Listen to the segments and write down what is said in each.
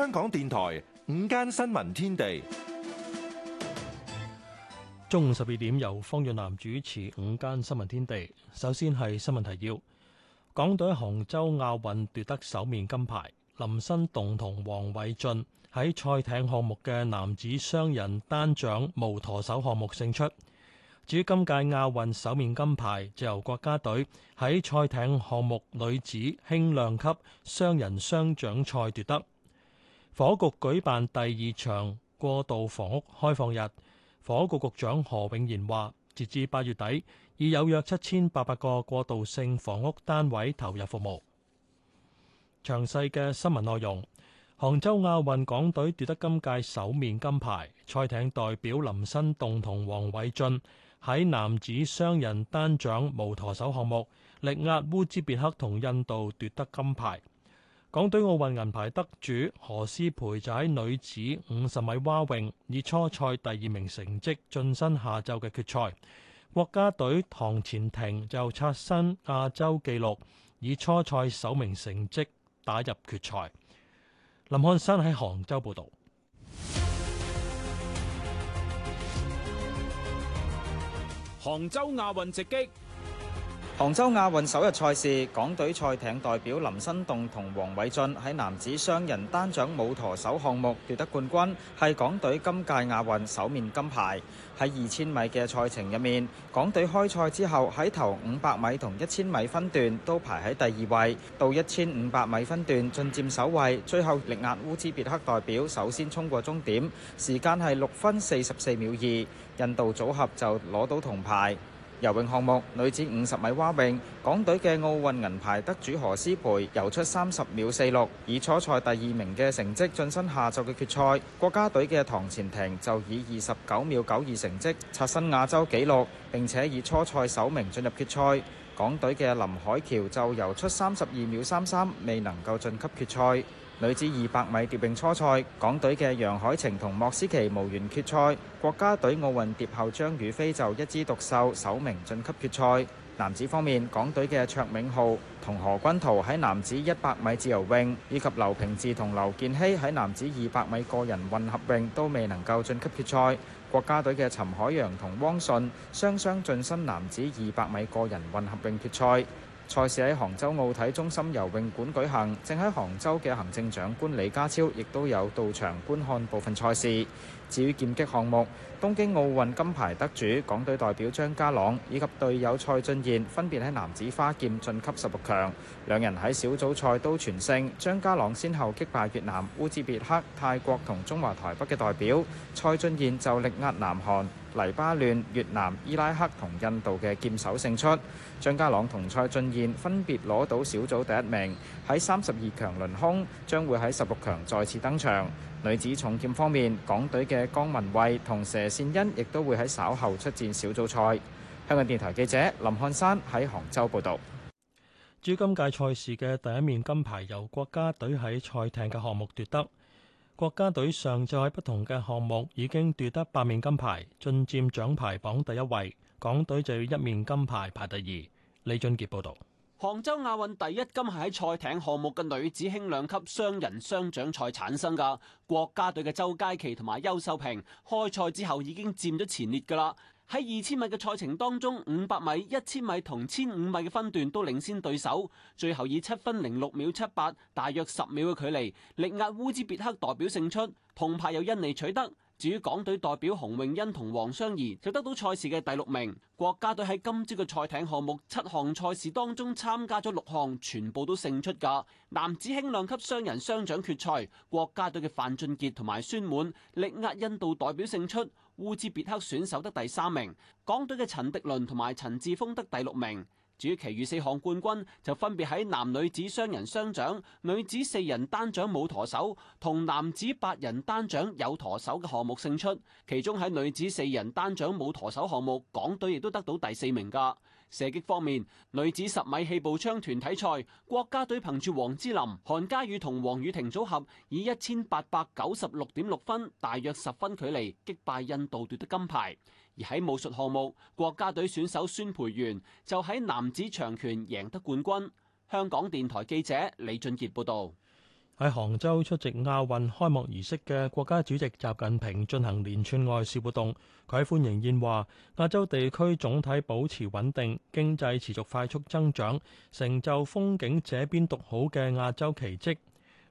香港電台午間新聞天地，中午十二點由方若南主持《午間新聞天地》。首先係新聞提要：港隊喺杭州亞運奪得首面金牌，林新棟同黃偉俊喺賽艇項目嘅男子雙人單槳無舵手項目勝出。至於今屆亞運首面金牌就由國家隊喺賽艇項目女子輕量級雙人雙槳賽奪得。火局舉辦第二場過渡房屋開放日，火局局長何永賢話：截至八月底，已有約七千八百個過渡性房屋單位投入服務。詳細嘅新聞內容，杭州亞運港隊奪得今屆首面金牌，賽艇代表林新棟同黃偉俊喺男子雙人單槳無舵手項目力壓烏茲別克同印度奪得金牌。港隊奧運銀牌得主何詩蓓就喺女子五十米蛙泳以初賽第二名成績晉身下晝嘅決賽，國家隊唐錢婷就刷新亞洲紀錄，以初賽首名成績打入決賽。林漢生喺杭州報道。杭州亞運直擊。杭州亞運首日賽事，港隊賽艇代表林新棟同黃偉俊喺男子雙人單槳無舵手項目奪得冠軍，係港隊今屆亞運首面金牌。喺二千米嘅賽程入面，港隊開賽之後喺頭五百米同一千米分段都排喺第二位，到一千五百米分段進佔首位，最後力壓烏茲別克代表首先衝過終點，時間係六分四十四秒二，印度組合就攞到銅牌。游泳項目，女子五十米蛙泳，港隊嘅奧運銀牌得主何詩蓓游出三十秒四六，以初賽第二名嘅成績晉身下晝嘅決賽。國家隊嘅唐錢婷就以二十九秒九二成績刷新亞洲紀錄，並且以初賽首名進入決賽。港隊嘅林海橋就游出三十二秒三三，未能夠晉級決賽。女子二百米蝶泳初賽，港隊嘅楊海晴同莫思琪無緣決賽；國家隊奧運蝶后張雨霏就一枝獨秀，首名晉級決賽。男子方面，港隊嘅卓銘浩同何君濤喺男子一百米自由泳，以及劉平志同劉建熙喺男子二百米個人混合泳都未能夠晉級決賽。國家隊嘅陳海洋同汪順雙雙晉身男子二百米個人混合泳決賽。賽事喺杭州奧體中心游泳館舉行，正喺杭州嘅行政長官李家超亦都有到場觀看部分賽事。至於劍擊項目，東京奧運金牌得主港隊代表張家朗以及隊友蔡俊彥分別喺男子花劍晉級十六強，兩人喺小組賽都全勝。張家朗先後擊敗越南、烏茲別克、泰國同中華台北嘅代表，蔡俊彥就力壓南韓、黎巴嫩、越南、伊拉克同印度嘅劍手勝出。張家朗同蔡俊彥分別攞到小組第一名，喺三十二強輪空，將會喺十六強再次登場。女子重劍方面，港隊嘅江文慧同佘善欣亦都會喺稍後出戰小組賽，香港電台記者林漢山喺杭州報道。至今屆賽事嘅第一面金牌由國家隊喺賽艇嘅項目奪得。國家隊上載不同嘅項目已經奪得八面金牌，進佔獎牌榜第一位。港隊就有一面金牌排第二。李俊杰報道。杭州亞運第一金係喺賽艇項目嘅女子輕量級雙人雙槳賽產生噶。國家隊嘅周佳琪同埋邱秀萍開賽之後已經佔咗前列噶啦。喺二千米嘅賽程當中，五百米、一千米同千五米嘅分段都領先對手，最後以七分零六秒七八，大約十秒嘅距離力壓烏茲別克代表勝出，銅牌由印尼取得。至於港隊代表洪永恩同黃雙怡就得到賽事嘅第六名。國家隊喺今朝嘅賽艇項目七項賽事當中參加咗六項，全部都勝出噶。男子輕量級雙人雙槳決賽，國家隊嘅范俊杰同埋孫滿力壓印度代表勝出，烏茲別克選手得第三名。港隊嘅陳迪倫同埋陳志峰得第六名。至於其餘四項冠軍就分別喺男女子雙人雙槳、女子四人單槳冇舵手同男子八人單槳有舵手嘅項目勝出，其中喺女子四人單槳冇舵手項目，港隊亦都得到第四名噶。射擊方面，女子十米氣步槍團體賽，國家隊憑住王之琳、韓家宇同黃雨婷組合，以一千八百九十六點六分，大約十分距離擊敗印度奪得金牌。而喺武術項目，國家隊選手孫培元就喺男子長拳贏得冠軍。香港電台記者李俊杰報道。喺杭州出席亞運開幕儀式嘅國家主席習近平進行連串外事活動。佢喺歡迎宴話，亞洲地區總體保持穩定，經濟持續快速增長，成就風景這邊獨好嘅亞洲奇蹟。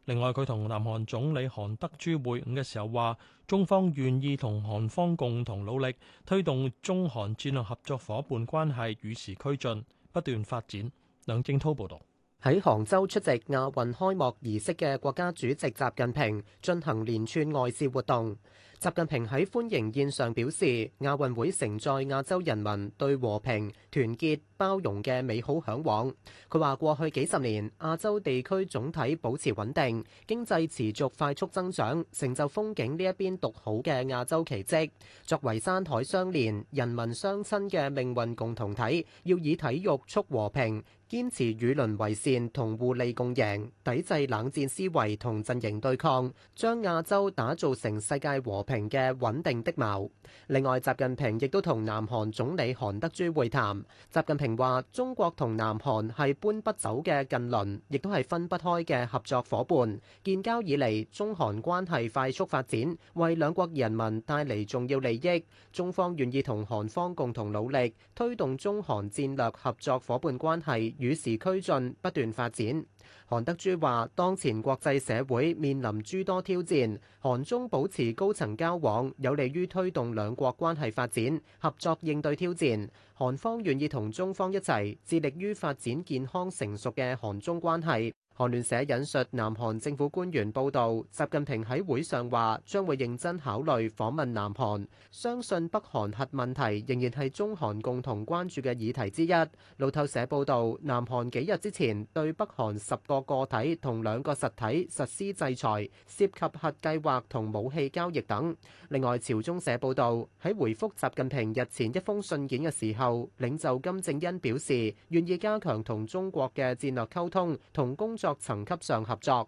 另外，佢同南韓總理韓德珠會晤嘅時候話，中方願意同韓方共同努力，推動中韓戰略合作伙伴關係與時俱進、不斷發展。梁正濤報導。喺杭州出席亞運開幕儀式嘅國家主席習近平進行連串外事活動。習近平喺歡迎宴上表示，亞運會承載亞洲人民對和平、團結、包容嘅美好向往。佢話過去幾十年，亞洲地區總體保持穩定，經濟持續快速增長，成就風景呢一邊獨好嘅亞洲奇蹟。作為山海相連、人民相親嘅命運共同體，要以體育促和平，堅持與鄰為善同互利共贏，抵制冷戰思維同陣營對抗，將亞洲打造成世界和平平嘅穩定的矛。另外，習近平亦都同南韓總理韓德珠會談。習近平話：中國同南韓係搬不走嘅近鄰，亦都係分不開嘅合作伙伴。建交以嚟，中韓關係快速發展，為兩國人民帶嚟重要利益。中方願意同韓方共同努力，推動中韓戰略合作伙伴關係與時俱進，不斷發展。韓德珠話：當前國際社會面臨諸多挑戰，韓中保持高層交往，有利於推動兩國關係發展，合作應對挑戰。韓方願意同中方一齊，致力於發展健康成熟嘅韓中關係。韓聯社引述南韓政府官員報道，習近平喺會上話將會認真考慮訪問南韓，相信北韓核問題仍然係中韓共同關注嘅議題之一。路透社報道，南韓幾日之前對北韓十個個體同兩個實體實施制裁，涉及核計劃同武器交易等。另外，朝中社報道，喺回覆習近平日前一封信件嘅時候，領袖金正恩表示願意加強同中國嘅戰略溝通同工作各層級上合作。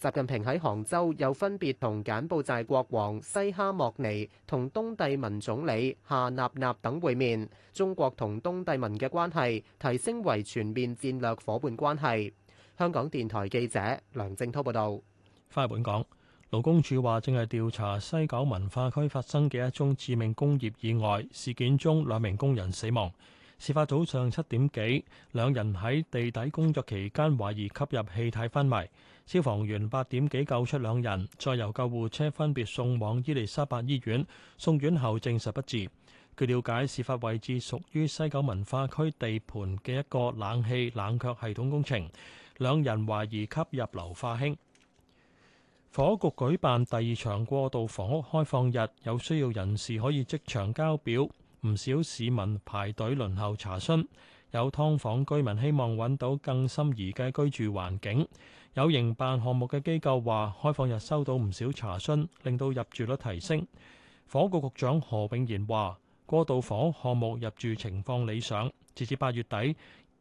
習近平喺杭州又分別同柬埔寨國王西哈莫尼同東帝汶總理夏納納等會面，中國同東帝汶嘅關係提升為全面戰略伙伴關係。香港電台記者梁正滔報道。翻去本港，勞工處話正係調查西九文化區發生嘅一宗致命工業意外，事件中兩名工人死亡。事發早上七點幾，兩人喺地底工作期間懷疑吸入氣體昏迷，消防員八點幾救出兩人，再由救護車分別送往伊利沙伯醫院，送院後證實不治。據了解，事發位置屬於西九文化區地盤嘅一個冷氣冷卻系統工程，兩人懷疑吸入硫化氫。房屋局舉辦第二場過渡房屋開放日，有需要人士可以即場交表。唔少市民排隊輪候查詢，有劏房居民希望揾到更心儀嘅居住環境。有營辦項目嘅機構話，開放日收到唔少查詢，令到入住率提升。房屋局局長何永賢話：過渡房項目入住情況理想，截至八月底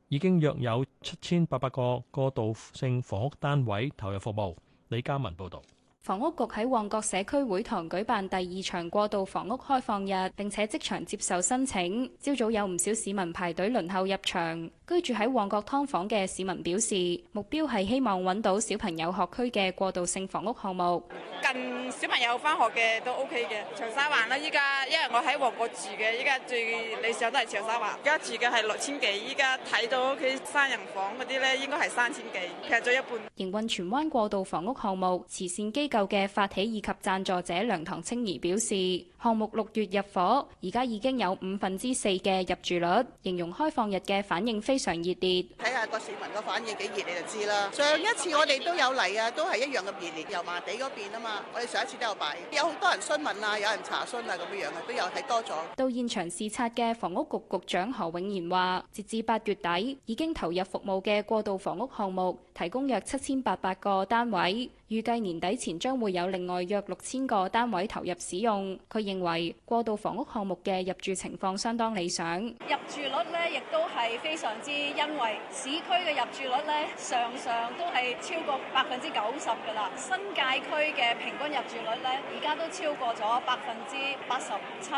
已經約有七千八百個過渡性房屋單位投入服務。李嘉文報導。房屋局喺旺角社區會堂舉辦第二場過渡房屋開放日，並且即場接受申請。朝早有唔少市民排隊輪候入場。居住喺旺角㓥房嘅市民表示，目標係希望揾到小朋友學區嘅過渡性房屋項目。近小朋友翻學嘅都 OK 嘅，長沙灣啦。依家因為我喺旺角住嘅，依家最理想都係長沙灣。依家住嘅係六千幾，依家睇到屋企三人房嗰啲咧，應該係三千幾，劈咗一半。營運荃灣過渡房屋項目慈善基。舊嘅發起以及贊助者梁唐青儀表示，項目六月入伙，而家已經有五分之四嘅入住率，形容開放日嘅反應非常熱烈。睇下個市民個反應幾熱，你就知啦。上一次我哋都有嚟啊，都係一樣嘅熱烈，油麻地嗰邊啊嘛，我哋上一次都有擺，有好多人詢問啊，有人查詢啊，咁嘅樣都有睇多咗。到現場視察嘅房屋局局長何永賢話，截至八月底，已經投入服務嘅過渡房屋項目，提供約七千八百個單位。預計年底前將會有另外約六千個單位投入使用。佢認為過渡房屋項目嘅入住情況相當理想，入住率呢亦都係非常之，因為市區嘅入住率呢常常都係超過百分之九十㗎啦，新界區嘅平均入住率呢而家都超過咗百分之八十七。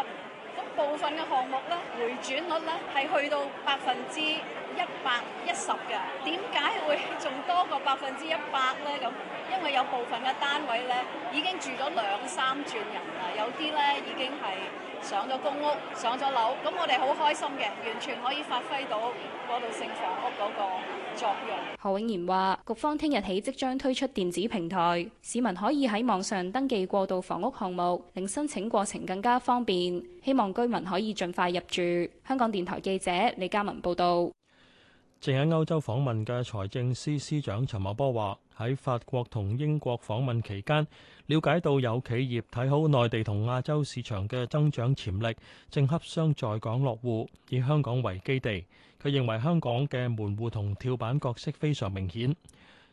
部分嘅項目咧，回轉率咧係去到百分之一百一十嘅，點解會仲多過百分之一百咧？咁因為有部分嘅單位咧已經住咗兩三轉人啦，有啲咧已經係上咗公屋、上咗樓，咁我哋好開心嘅，完全可以發揮到過渡性房屋嗰個。何永賢話，局方聽日起即將推出電子平台，市民可以喺網上登記過渡房屋項目，令申請過程更加方便。希望居民可以盡快入住。香港電台記者李嘉文報道。正喺歐洲訪問嘅財政司司長陳茂波話：喺法國同英國訪問期間，了解到有企業睇好內地同亞洲市場嘅增長潛力，正洽商在港落戶，以香港為基地。佢認為香港嘅門戶同跳板角色非常明顯。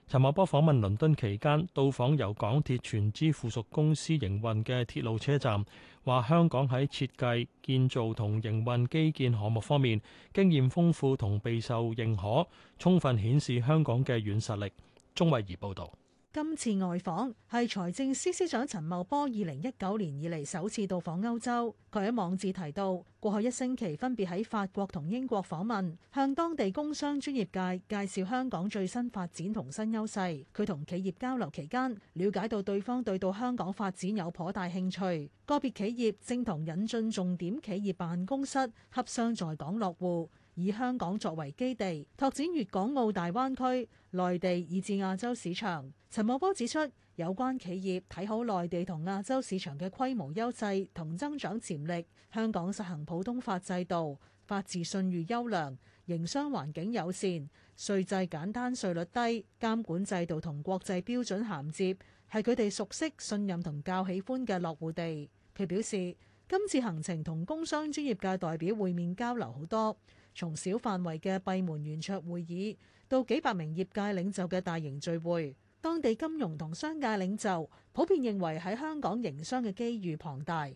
陳茂波訪問倫敦期間，到訪由港鐵全資附屬公司營運嘅鐵路車站。話香港喺設計、建造同營運基建項目方面經驗豐富同備受認可，充分顯示香港嘅軟實力。鍾慧儀報導。今次外訪，係財政司司長陳茂波二零一九年以嚟首次到訪歐洲。佢喺網誌提到，過去一星期分別喺法國同英國訪問，向當地工商專業界介紹香港最新發展同新優勢。佢同企業交流期間，了解到對方對到香港發展有頗大興趣，個別企業正同引進重點企業辦公室洽商在港落戶。以香港作為基地，拓展粵港澳大灣區、內地以至亞洲市場。陳茂波指出，有關企業睇好內地同亞洲市場嘅規模優勢同增長潛力。香港實行普通法制度，法治信譽優良，良，營商環境友善，稅制簡單，稅率低，監管制度同國際標準銜接，係佢哋熟悉、信任同較喜歡嘅落戶地。佢表示，今次行程同工商專業界代表會面交流好多。從小範圍嘅閉門圓桌會議到幾百名業界領袖嘅大型聚會，當地金融同商界領袖普遍認為喺香港營商嘅機遇龐大。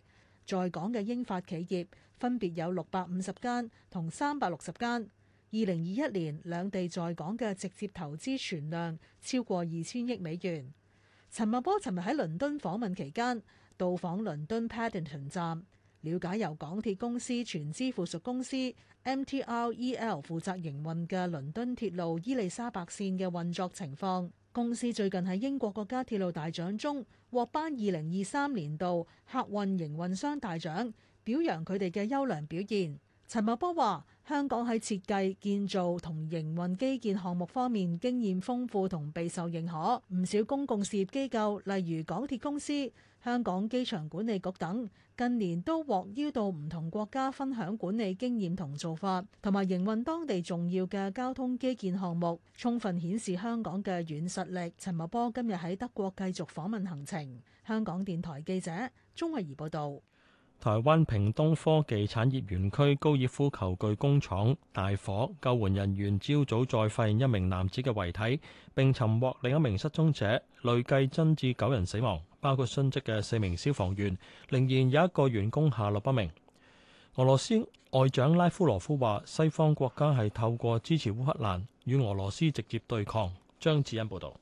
在港嘅英法企業分別有六百五十間同三百六十間。二零二一年兩地在港嘅直接投資存量超過二千億美元。陳茂波尋日喺倫敦訪問期間，到訪倫敦 Paddington 站。了解由港鐵公司全資附屬公司 MTREL 負責營運嘅倫敦鐵路伊利沙伯線嘅運作情況。公司最近喺英國國家鐵路大獎中獲頒二零二三年度客運營運商大獎，表揚佢哋嘅優良表現。陳茂波話：香港喺設計、建造同營運基建項目方面經驗豐富同備受認可，唔少公共事業機構，例如港鐵公司、香港機場管理局等，近年都獲邀到唔同國家分享管理經驗同做法，同埋營運當地重要嘅交通基建項目，充分顯示香港嘅軟實力。陳茂波今日喺德國繼續訪問行程。香港電台記者鍾慧儀報道。台灣屏東科技產業園區高爾夫球具工廠大火，救援人員朝早再發現一名男子嘅遺體，並尋獲另一名失蹤者，累計增至九人死亡，包括殉職嘅四名消防員，仍然有一個員工下落不明。俄羅斯外長拉夫羅夫話，西方國家係透過支持烏克蘭與俄羅斯直接對抗。張智恩報道。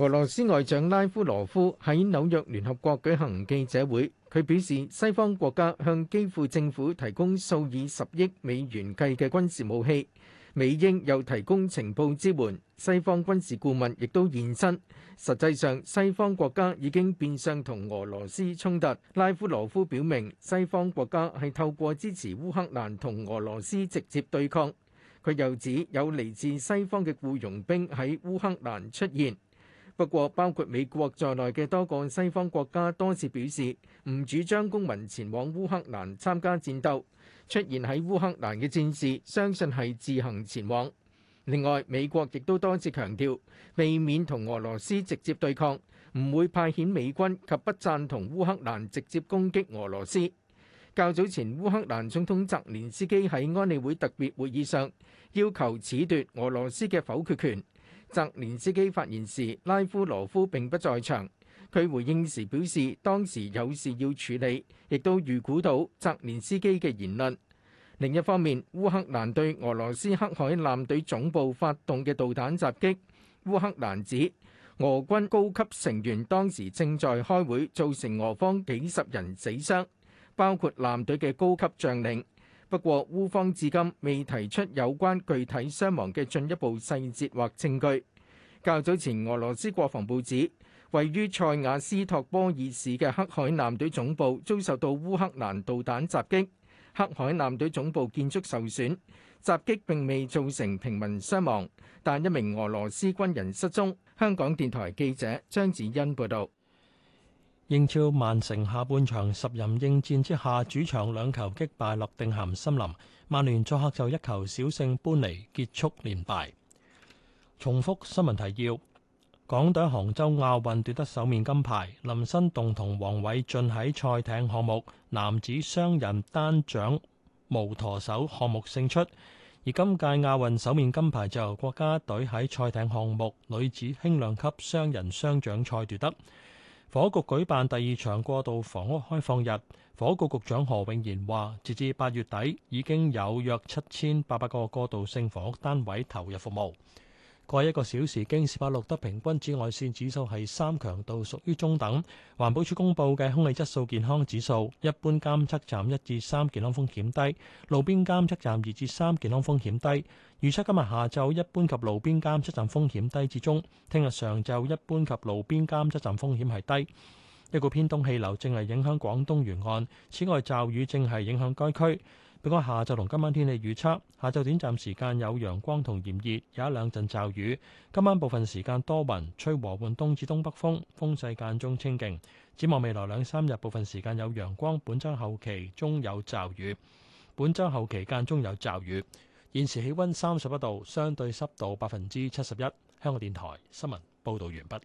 俄羅斯外長拉夫羅夫喺紐約聯合國舉行記者會，佢表示，西方國家向基輔政府提供數以十億美元計嘅軍事武器，美英又提供情報支援，西方軍事顧問亦都現身。實際上，西方國家已經變相同俄羅斯衝突。拉夫羅夫表明，西方國家係透過支持烏克蘭同俄羅斯直接對抗。佢又指有嚟自西方嘅僱傭兵喺烏克蘭出現。不過，包括美國在內嘅多個西方國家多次表示，唔主張公民前往烏克蘭參加戰鬥。出現喺烏克蘭嘅戰士，相信係自行前往。另外，美國亦都多次強調，避免同俄羅斯直接對抗，唔會派遣美軍及不贊同烏克蘭直接攻擊俄羅斯。較早前，烏克蘭總統澤連斯基喺安理會特別會議上，要求褫奪俄羅斯嘅否決權。澤連斯基發言時，拉夫羅夫並不在場。佢回應時表示，當時有事要處理，亦都預估到澤連斯基嘅言論。另一方面，烏克蘭對俄羅斯黑海艦隊總部發動嘅導彈襲擊，烏克蘭指俄軍高級成員當時正在開會，造成俄方幾十人死傷，包括艦隊嘅高級將領。不過，烏方至今未提出有關具體傷亡嘅進一步細節或證據。較早前，俄羅斯國防部指位於塞瓦斯托波爾市嘅黑海艦隊總部遭受到烏克蘭導彈襲擊，黑海艦隊總部建築受損。襲擊並未造成平民傷亡，但一名俄羅斯軍人失蹤。香港電台記者張子欣報道。英超曼城下半場十人應戰之下，主場兩球擊敗諾定咸森林。曼聯作客就一球小勝，般尼結束連敗。重複新聞提要：港隊杭州亞運奪得首面金牌，林新棟同王偉俊喺賽艇項目男子雙人單槳無舵手項目勝出。而今屆亞運首面金牌就由國家隊喺賽艇項目女子輕量級雙人雙槳賽奪得。房屋局舉辦第二場過渡房屋開放日，房屋局局長何永賢話，截至八月底，已經有約七千八百個過渡性房屋單位投入服務。過一個小時，京士柏錄得平均紫外線指數係三強度，屬於中等。環保署公布嘅空氣質素健康指數，一般監測站一至三健康風險低，路邊監測站二至三健康風險低。預測今日下晝一般及路邊監測站風險低至中，聽日上晝一般及路邊監測站風險係低。一股偏東氣流正係影響廣東沿岸，此外驟雨正係影響該區。俾我下晝同今晚天氣預測。下晝短暫時間有陽光同炎熱，有一兩陣驟雨。今晚部分時間多雲，吹和緩東至東北風，風勢間中清勁。展望未來兩三日，部分時間有陽光，本周後期中有驟雨。本周後期間中有驟雨。現時氣溫三十一度，相對濕度百分之七十一。香港電台新聞報道完畢。